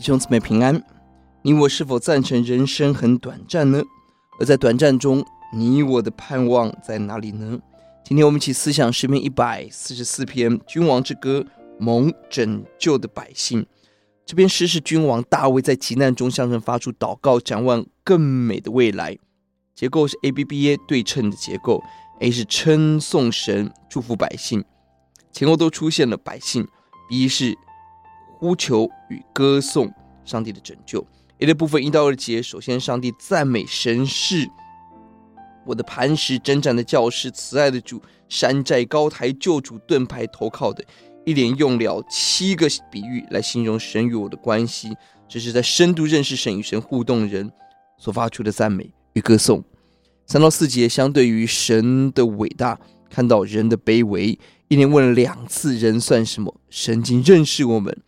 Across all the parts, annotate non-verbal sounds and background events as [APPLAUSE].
弟兄姊妹平安，你我是否贊成人生很短暫呢？而在短暫中，你我的盼望在哪裡呢？今天我們一起思想詩篇一百四十四篇《君王之歌》，蒙拯救的百姓。這篇詩是君王大衛在急難中向神發出禱告，展望更美的未來。結構是 A B B A 對稱的結構，A 是稱頌神、祝福百姓，前後都出現了百姓；B 是呼求與歌頌上帝的拯救。一的部分一到二節，首先上帝讚美神是“我的磐石，征戰的教師，慈愛的主，山寨高台，救主盾牌，投靠的。”一連用了七個比喻來形容神與我的關係。這是在深度認識神與神互動人所發出的讚美與歌頌。三到四節，相對於神的偉大，看到人的卑微，一連問了兩次“人算什麼？”神竟認識我們。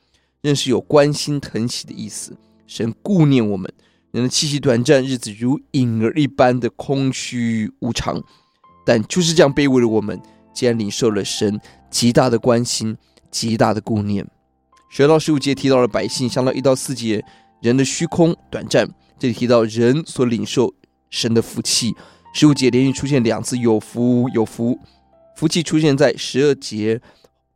認識有關心疼惜的意思，神顧念我們。人的氣息短暫，日子如影兒一般的空虛無常，但就是這樣卑微的我們，竟然領受了神極大的關心，極大的顧念。十二到十五節提到了百姓，想到一到四節人的虛空短暫，這裡提到人所領受神的福氣。十五節連續出現兩次有福，有福，福氣出現在十二節，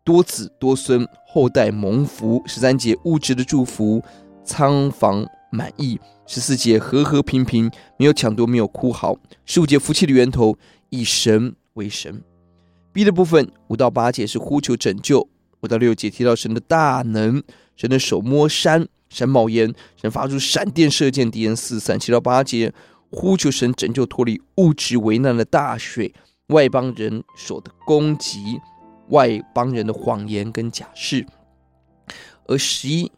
多子多孫，後代蒙福；十三節物質的祝福，倉房滿溢；十四節和和平平，沒有搶奪，沒有哭號；十五節福氣的源頭，以神為神。B 的部分五到八節是呼求拯救，五到六節提到神的大能，神的手摸山，山冒煙，神發出閃電射箭，敵人四散。七到八節呼求神拯救，脫離物質危難的大水，外邦人手的攻擊。外邦人的謊言跟假誓，而十一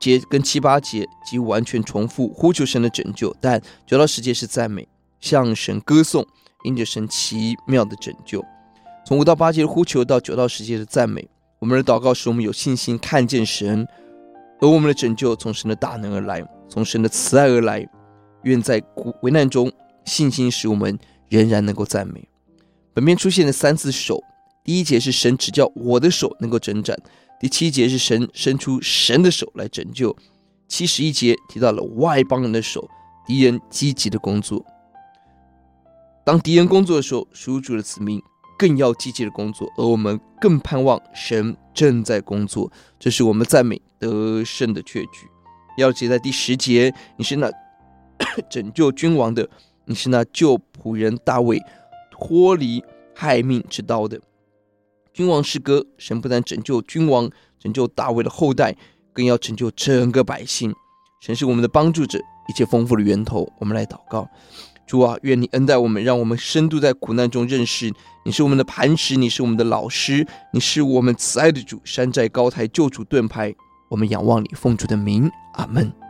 節跟七八節幾乎完全重複呼求神的拯救，但九到十節是讚美，向神歌頌，因着神奇妙的拯救。從五到八節的呼求到九到十節的讚美，我們的禱告使我們有信心看見神，而我們的拯救從神的大能而來，從神的慈愛而來。願在危難中，信心使我們仍然能夠讚美。本篇出現的三次“手”。第一節是神指教我的手能夠征戰，第七節是神伸出神的手來拯救，七十一節提到了外邦人的手，敵人積極的工作。當敵人工作的時候，屬主的子民更要積極的工作，而我們更盼望神正在工作，這是我們讚美得勝的確據。要記在第十節，你是那 [COUGHS] 拯救君王的，你是那救僕人大衛脫離害命之刀的。君王詩歌，神不但拯救君王，拯救大衛的後代，更要拯救整個百姓。神是我們的幫助者，一切豐富的源頭。我們來禱告：主啊，願你恩待我們，讓我們深度在苦難中認識。你是我們的磐石，你是我們的老師，你是我們慈愛的主，山寨、高臺、救主、盾牌。我們仰望你，奉主的名，阿門。